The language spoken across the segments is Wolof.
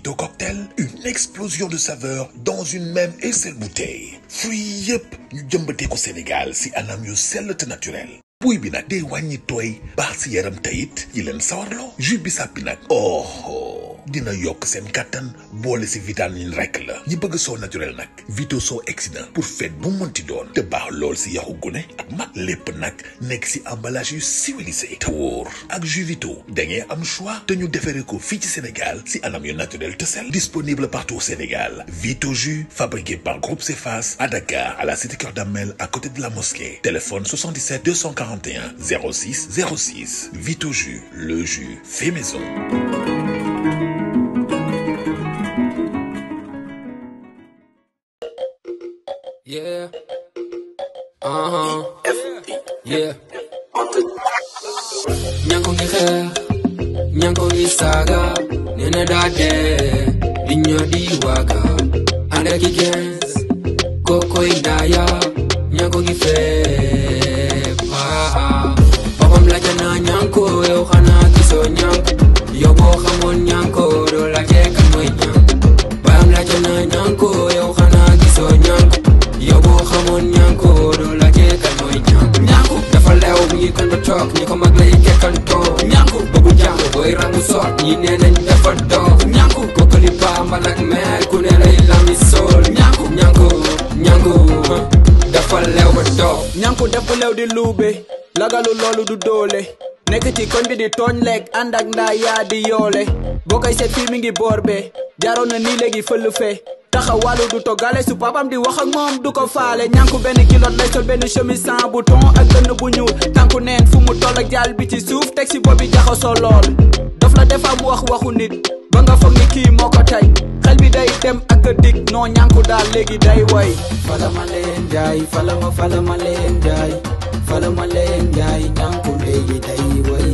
Mojito Cocktail, une explosion de saveurs dans une même et seule bouteille fruits yep, yëpp ñu Senegal, ko Sénégal si anam yu sell te naturel buy bi nag day wàññi tooy baax si yaram tayit yi leen sawarloo jus bi sàppi nag oh. oh dina yok sen kattan bolé si vitamine rek la ñi bëgg so naturel nac. vito sont excident pour fait bu monti doon te baax lool si yaxu gune ak mag nac. nag si emballage civilisé te wóor ak jus vito da ngeen am choix te ñu déféré ko ci Sénégal si anam yu naturel te sel disponible partout au Sénégal vito jus fabriqué par Groupe Cefas à Dakar à la cité cœur Damel à côté de la mosquée téléphone 77 241 06 06 vito jus le jus fait maison ña ngi saaga nee na daa dee di ñoo di waaga ànd ak i ndaaya ña ko ngi feeb ah boppam la ca naa ñanko yow xanaa gisoo ñanko boo xamoon ñanko doo la jekka mooy ñanko baam la ca naa e ñanko yow xanaa gisoo ñanko boo xamoon ñanko doo la jekka mooy ñanko ñanko dafa leew mi ngi kon ñi ko mag yi nee nañ dafa dox ñànku kookali bambal ak meer ku ne lay di luube lagalu du doole nekk ci koñ bi di tooñ lekk ànd ndaa yaa di yoole boo koy seet fii jaroon na nii léegi fël fe taxawalu du toggale su papam di wax ak mom du ko faale ñànku ben kilot lay sol ben chemise sans bouton ak dënn bu ñuul tànku neen fu mu toll ak jàll bi ci suuf teg si boobi jaxasoo lool daf la defa am wax waxu nit ba nga foog ni kii moo ko xel bi day dem ak dik no noo daal léegi day way fala ma leen jaay fala ma fala ma leen jaay fala ma jaay ñànku léegi day way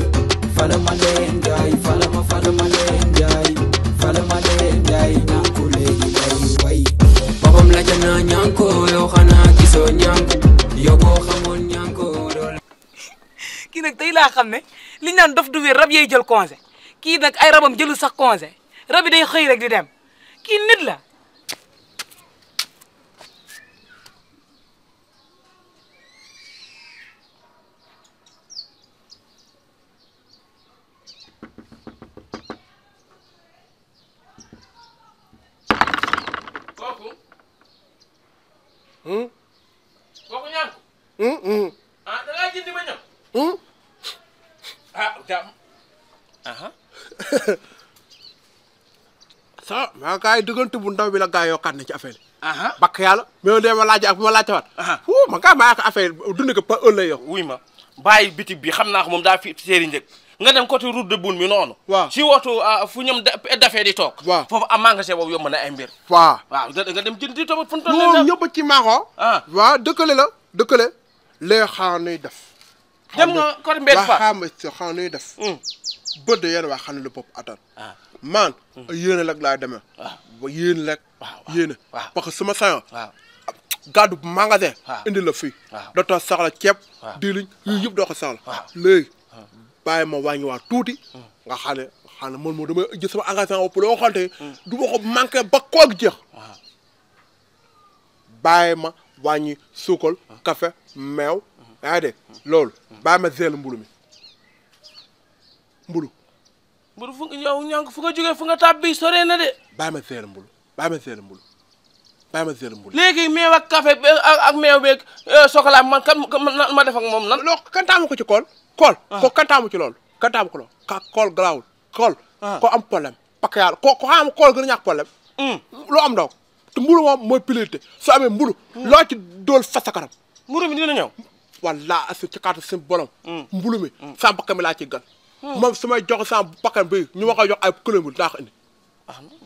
fala ma jaay fala ma fala ma ko yow xanaa gisoo ñànk yow boo xamoon ñànk doole. kii nag tey laa xam ne li ñu naan dof du wér rab yay jël congé kii nag ay rabam jëlu sax congé rab yi day xëy rek di dem kii nit la. gars yi dëggante bu ndaw bi la gars yi yokkaat na ci affaire bakk yàlla mais de ma laaj ak ma laajte waat. wuu ma gars maa ko affaire dund ko pa ëllëg yow. wuy ma bàyyi bitig bi xam naa ko moom daa fi seeri njëg nga dem côté route de mi noonu. waaw si wootu ah, fu ñoom dafee di toog. waaw foofu am magasin boobu yomb na ay mbir. waaw waaw nga dem jënd di toog fu mu toll nii. ñoom ñëpp ci maaxoo. Ah. waaw dëkkale la dëkkale. lee xaa nuy def. dem nga côté mbedd bët de hmm. yéen waa xam ne lu bopp maan. yéen rek laay demee. Ah. ba yéen rek. waaw yéen parce que su ma sañoon. waaw indi la fii. waaw dootoo soxla ceeb. waaw diwlin yii yëpp doo ko soxla. waaw léegi bàyyi ma wàññiwaat tuuti. Hmm. nga xam ne xam ne man moom damay jël sama engagement bopp loo xam ne. Hmm. du ma ko ba koog jeex. bàyyi ma wàññi suukal hmm. café meew yaa ngi dégg loolu ma zeel mbulu mi mbulu mbulu fu yow ñànk fu nga jógee fu nga tàbbi sore na de. bàyyi ma seen mbulu bàyyi ma seen mbulu bàyyi ma seen mbulu. léegi meew ak café ak ak meew beeg chocolat man kan ma def ak moom nan. loo kantaamu ko ci kool. kool ko kantaamu ci loolu. kantaamu ko loolu ka kool garaawul kool. ko am problème parce que yàlla ko ko xam kool gën a ñàkk problème. loo am ndaw te mbulu moom mooy priorité soo amee mbulu. loo ci dool fas karam. mburu mi dina ñëw. walla asu ci kaatu seen borom. mbulu mi sa bakka mi laa ci gan. Hmm. moom su may jox sama bakkan bi ñu ma ko jox ay këlëmul daa ko indi.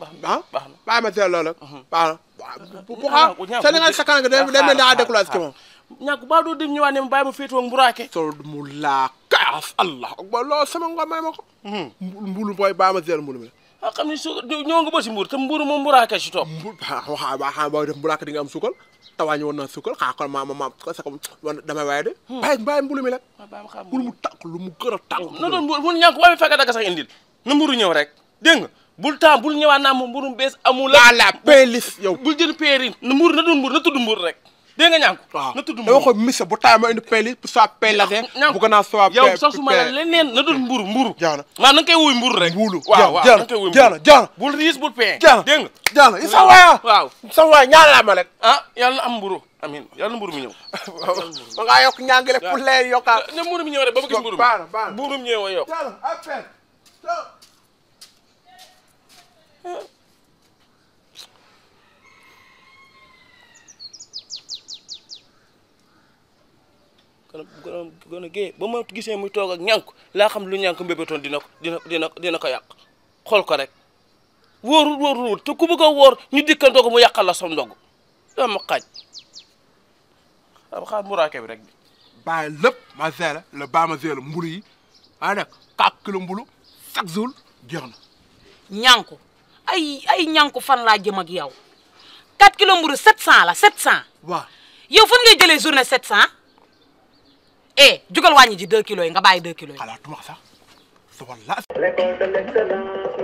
baax na baax na ah? bàyyi ma seet loola. Hmm. baax na hmm. bu xaa sa ni nga sa kanam day mel daa découlage ci moom. ñàkk ba doo dem ñëwaat ne ma bàyyi ma féetewoo mburaake. sol mu laa kaas allah akbar loolu sama ngoon may ma ko. mbulu booy bàyyi ma seet mbulu mi ah ne su ñoo nga ba si mbuur te mbuur moom mburaake si topp. mbu ah, waxa waxa boo def mburaake di nga am sukkal tawaañu woon na sukkal xaa kon ma ma ma sa ko damay waaye de. Hmm. bàyyi bàyyi mbulu mi nag. mbulu mu tànk lu mu gën a tànk. na doon mburu na mburu ñëw rek dégg nga bul temps bul ñëwaat naa ma mburu bees amul. la la yow bul jël peeri na mburu na doon mburu na tudd mburu rek. dégg nga ñànku waaw na tudd mburu waxo misa bu taay ma indi peli soit pel la de bu gën a soit yow sax su ma la leneen na tudd mburu mburu jaana maa na wuy mburu rek mbulu waaw jaana jaana bul riis bul pee jaana dégg nga jaana i sa waaya ah. waaw sa la ma rek ah yàlla am mburu amin yàlla mburu mi ñëw ba ngaa yokk ñaangi rek pour leer mburu mi rek ba ma mburu mburu mi ñëw kon gone ba ma gisee muy toog ak ñànk laa xam lu ñànk mbébétoon dina ko dina dina dina ko yàq xool ko rek wóorul wóorul te ku bëgg a wóor ñu dikkandoo ko mu yàqal la som ndog dama xaaj dama xaaj muraake bi rek bi bàyyi lépp ma seela la baa ma seela mbulu yi maa nekk kaak kilo mbulu chaque jour jeex na ñànku ay ay ñànku fan laa jëm ak yow 4 kilo la 700 waaw yow fan ngay eh jugal wàññi ji 2 kilos yi nga bàyyi 2 kilos yi. xalaatuma sax walla.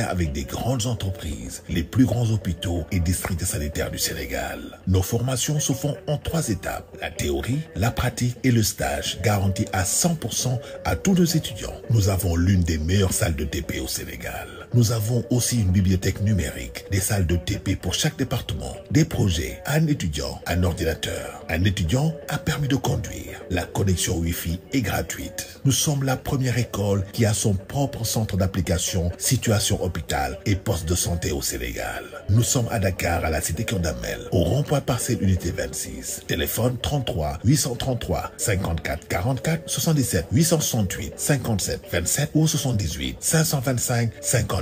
avec des grandes entreprises, les plus grands hôpitaux et districts sanitaires du Sénégal. Nos formations se font en trois étapes, la théorie, la pratique et le stage, garantie à 100% à tous nos étudiants. Nous avons l'une des meilleures salles de TP au Sénégal. Nous avons aussi une bibliothèque numérique, des salles de TP pour chaque département, des projets, un étudiant, un ordinateur, un étudiant, a permis de conduire. La connexion Wi-Fi est gratuite. Nous sommes la première école qui a son propre centre d'application, situation hôpital et poste de santé au Sénégal. Nous sommes à Dakar, à la cité Condamel, au rond-point parcelle unité 26. Téléphone 33 833 54 44 77 868 57 27 ou 78 525 50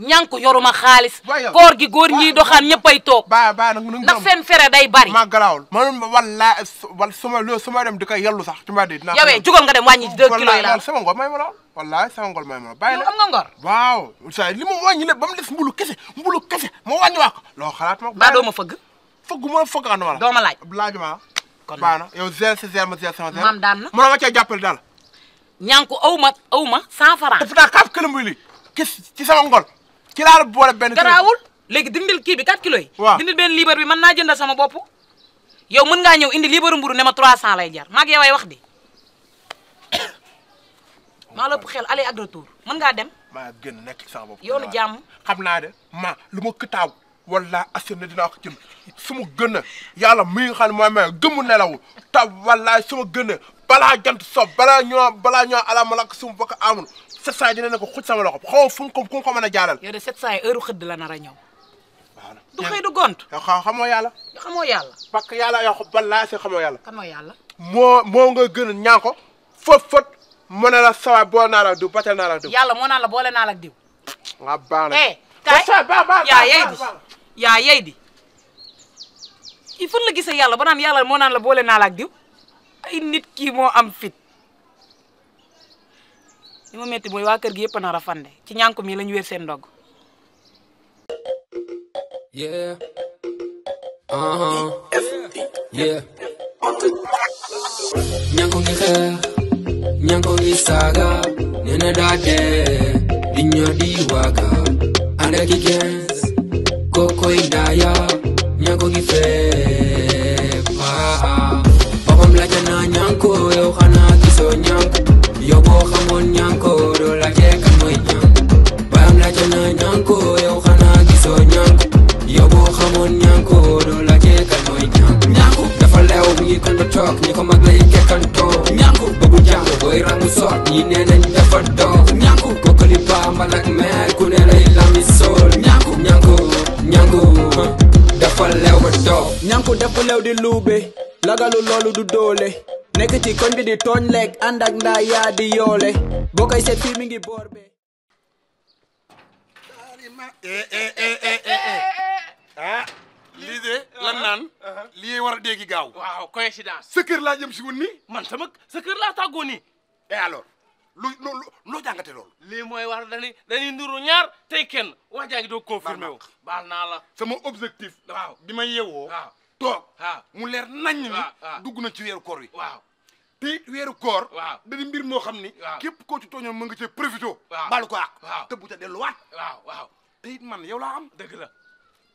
ñànk yoruma xaalis koor gi góor ñiy doxaan ñëppay toog ba ba nag ndax seen fere day bari ma garaawul man wala wal suma loo suma dem di koy yellu sax ci mbaa de dinaa yowee jugal nga dem wàññi deux kilos yi la sama may ma lool wallaay sama ngor may ma baa bàyyi la am nga ngor waaw sa li ma wàññi mu des mbulu kese mbulu kese ma wàññi waa loo xalaat ma ba doo ma fëgg fëgg ma fëgg ànd ma la doo ma laaj laaj ma kon baax na yow zéro si zéro ma zéro sama zéro daan na mënoo ma cee jàppale daal ñànku aw ma aw ma cent francs dafa daa kaaf këlëmbu ci sama ngor ci laa la boole benn. garaawul léegi dindil kii bi 4 kilos yi. waaw dindil benn liibar bi mën naa jëndal sama bopp. yow mën ngaa ñëw indi liibaru mburu ne ma 300 lay jar maa ngi yow ay wax di maa la ëpp xel aller ak retour mën ngaa dem. maa gën nekk ci sama bopp. yoonu jàmm xam naa de ma lu ma këtaaw wala assur na dinaa ko jëm su mu gën a yàlla mi nga xam ne mooy may gëmu nelaw ta wala su ma gën a balaa jant so balaa ñoo balaa ñoo ala malak su ma bokk amul 700 dina ne ko xuj sama loxo ko fu mu ko mën a jaaral. yow de 700 yi heure la nar a du xëy du gont. yow xamoo yàlla. yow xamoo yàlla. parce que yàlla yow balaa si xamoo yàlla. yàlla. moo moo nga gën a ñaan ko fot fot la sawa boo naa la diw batal naa la diw. yàlla moo naan la boole naa diw. Ah, nga eh, baax yaa yey yaa yey di. il la gisee yàlla ba naan moo naan la boole naa la ak diw ay nit ki moo am fit. li mu metti mooy waa kër gi yëpp a nar fande ci ñànku mi la ñu wér seen ndog. yeah. Uh-huh. yeah. ñànku ngi xeex ñanko ngi saaga nee na daa dee di ñoo di waaga ànd ak i kookoy daaya ñànku ngi fee. toog ñi ko mag lay kekkantoo ñànku bëggu jàng booy rangu soot di luube lagalu loolu du doole nekk koñ bi di tooñ lekk ànd ndaa yaa di yoole boo koy seet fii ngi boor be lii la nan ah. naan. Ah. war a dégg gaaw. waaw coïncidence. sa keur la jëm si wonni man sama sa keur la tàggoo nii. et eh, alors lu loo loo jàngate loolu. lii mooy war dañi dañi nduru ñaar tay kenn wax jaa ngi doog confirmé wu. baal naa la sama objectif. waaw bi ma tok waaw mu leer nañ ni. dugg na ci wéru koor wi. waaw té wéru koor. dañi mbir mo xamni képp koo ci tooñoon mo nga ci profito waaw baalu ko ak waaw te bu delu wat waaw waaw té man yow la am deug la.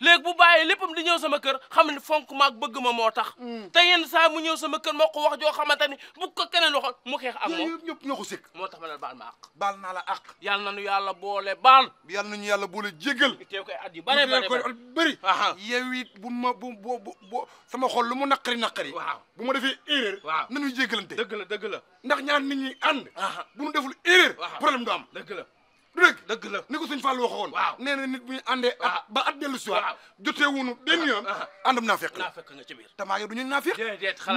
léegi bu bàyyi léppam di ñëw sama kër xam ne fonk maag bëgg ma moo tax mm. te yenn saa mu ñëw sama kër moo ko wax joo xamante ni bu ko keneen waxoon mu xeex ak moom ñëpp ñoo ko sëkk moo tax ma ne baal ma àq baal naa la àq yàlla na nu yàlla boole baal yàlla nañu yàlla boole jégal teew koy at yu bare bare bëri yow it bu ma bu bu bu sama xol lu mu naqari naqari waaw bu ma defee erreur na nañuy jégalante dëgg la dëgg la ndax ñaan ni ñi ànd bu ñu deful erreur problème du am dëgg la du dëgg dëgg la ni ko suñ Fallou waxoon waaw nee na nit bu àndee at ah. ba at dellu si waat jotee wuñu benn yoon ah. àndam naa fekk naa fekk nga ci biir tamaa yow du ñu naa fekk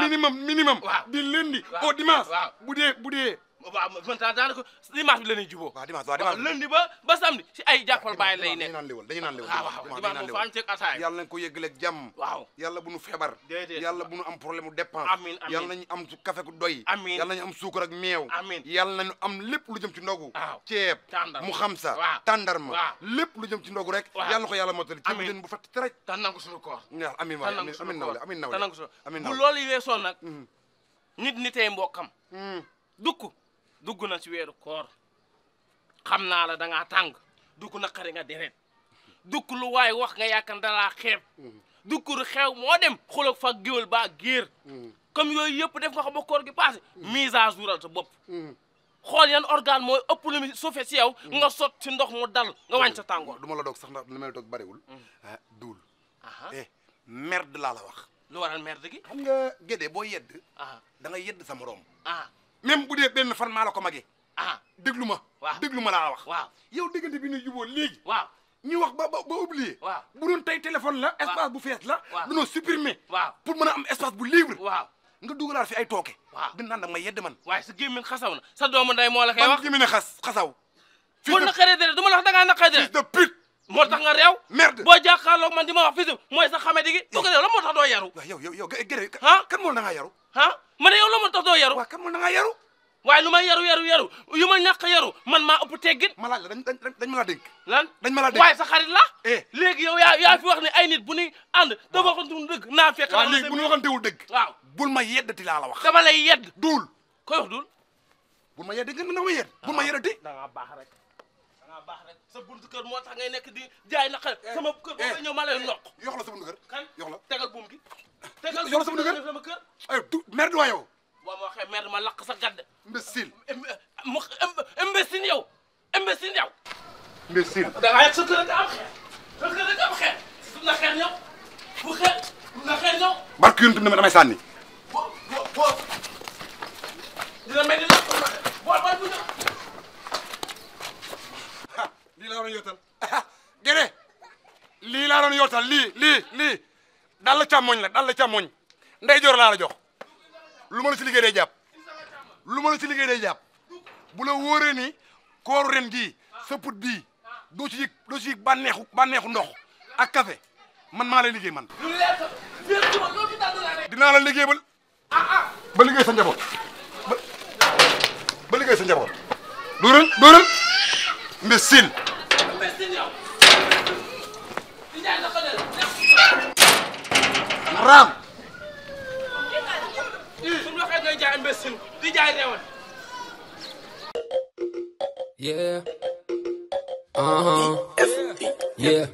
minimum minimum di lundi au dimanche bu dee bu dee waaw man daanaka dimanche bi la ñuy jubóo. waaw dimanche waaw dimanche waaw lundi ba ba samedi si ay jàppal bàyyi lay nekk. Ah, waaw dimanche dañuy naan léwal dañuy naan léwal waaw waaw dimanche moom fa am ceeg ataay. yàlla nañ ko yëgaleeg jàmm. waaw yàlla bu nu feebar. déedéet yàlla bu nu am problème mu dépense. amiin amiin yàlla nañu am café ku doy. amiin yàlla nañu am suukar ak meew. amiin yàlla nañu am lépp lu jëm ci ndogu. waaw ceeb mu xam sa. waaw tàndarma waaw lépp lu jëm ci ndogu rek. waaw yàlla na ko yàlla motali. amiin ceeb bu fatt rek. tan nangu suñu koor. amiin waay amiin nawle amiin nawle tan nangu suñu bu loolu yi weesoo nag mm-hmm. nit nitey mbokkam mm. dukk dugg na ci wéru koor xamna la da nga tang dugg na xari nga deret dugg lu way wax nga yaakaar da la xeeb dugg ru xew mo dem xulog fa géwél ba giir comme yoy yep def nga xam koor gi passé mise à jour sa bop xol yan organe moy ëpp lu mu suufe si yow nga sot ci ndox mu dal nga wàññi sa tàngoor du la dog sax ndax li may bari wul mm. ah aha eh merde la la wax lu waral merde gi xam nga gédé boy yedd da nga yedd sa morom ah même bu dee benn fan maa la ko magee. ah déglu ma. waaw déglu ma laa wax. waaw yow diggante bi ñu jubóo léegi. waaw ñu wax ba ba oublié. waaw bu doon tey téléphone la. espace bu fees la. waaw dañoo supprimer. waaw pour mën a am espace bu libre. waaw nga dugalaat fi ay tooke. waaw di naan nag ma yedd man. waaye sa gémmiñ xasaw na sa doomu nday moo la koy wax. man gémmiñ xas xasaw. fils de boo naqaree dara du ma la wax da ngaa naqaree dara. moo tax nga réew. merde boo jàkkaarloog man di ma wax fii mooy sa xamee digi boo ko réew la yaru. yow yow yow kan mool na ngaa yaru. ah ma yow la yaru. kan mool na ngaa yaru. waaye lu yaru yaru yaru yu ma yaru man maa ëpp teggin. ma dañ dañ ma la lan dañ ma la dénk sa xarit la. Eh. léegi yow yaa yaa fi wax ne ay nit bu ñuy ànd. waaw dafa waxantu dëgg naa fekk. waaw léegi bu ñu waxantewul dëgg. waaw bul ma yeddati laa la wax. dama lay yedd. duul koy wax duul. bul ma yedd nga ndax ma yedd. ma ah. yeddati. da nga rek dangaa baax rek sa buntu kër moo tax ngay nekk di jaay na xel eh, sama kër boo eh, ñëw ma lay eh, nokk yox la sa buntu kër kan yox la tegal buum gi tegal yox sa buntu kër sama kër ay du waa ma waxee merde ma lakk sa gadd imbécile mu imbécile yow sa kër nga am xeer am xeer na xeer ñëw bu xeer na xeer ñëw barke yuntu ne ma damay sànni bo bo dina mel ni lakk laa doon yootal gene lii laa doon yootal lii lii lii dal la càmmoñ la dal la càmmoñ ndey joor laa la jox lu ma la si liggéey day jàpp lu ma la si liggéey day jàpp bu la wóoree ni kooru ren gii sa put doo ci yëg doo ci yëg bànneexu bànneexu ndox ak café man maa lay liggéey man dinaa la liggéey ba liggéey sa njaboot ba liggéey yeah. Uh-huh. yeah.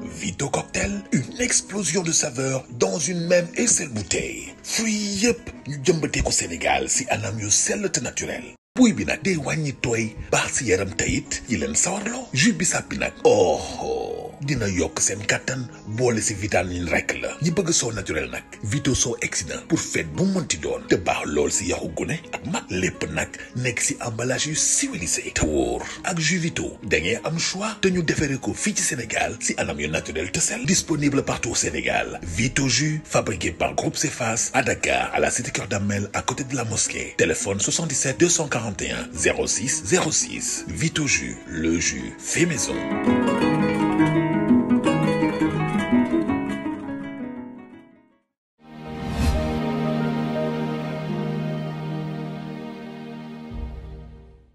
Vito Cocktail, une explosion de saveurs dans une même et seule bouteille Free yep, ñu jëmbatee ko Sénégal si anam yu mieux celle naturel Puis bi nag day wàññi tooy baax si yaram tayit yi oh, oh dina yok sen katan bolé ci vitamine rek la ñi bëgg so naturel nak vito soo exsident pour fête bu mënti doon te baax lool si yaxu gune ak mag lépp nag nekk si emballage yu civilisé te wóor ak jus vito da ngeen am choix te ñu defaree ko fi ci Sénégal ci anam yu naturel te sel disponible partout au Sénégal vito jus fabriqué par Groupe Cefas à Dakar à la cité cœur Damel à côté de la mosquée téléphone 77 241 06 06 vito jus le jus fait maison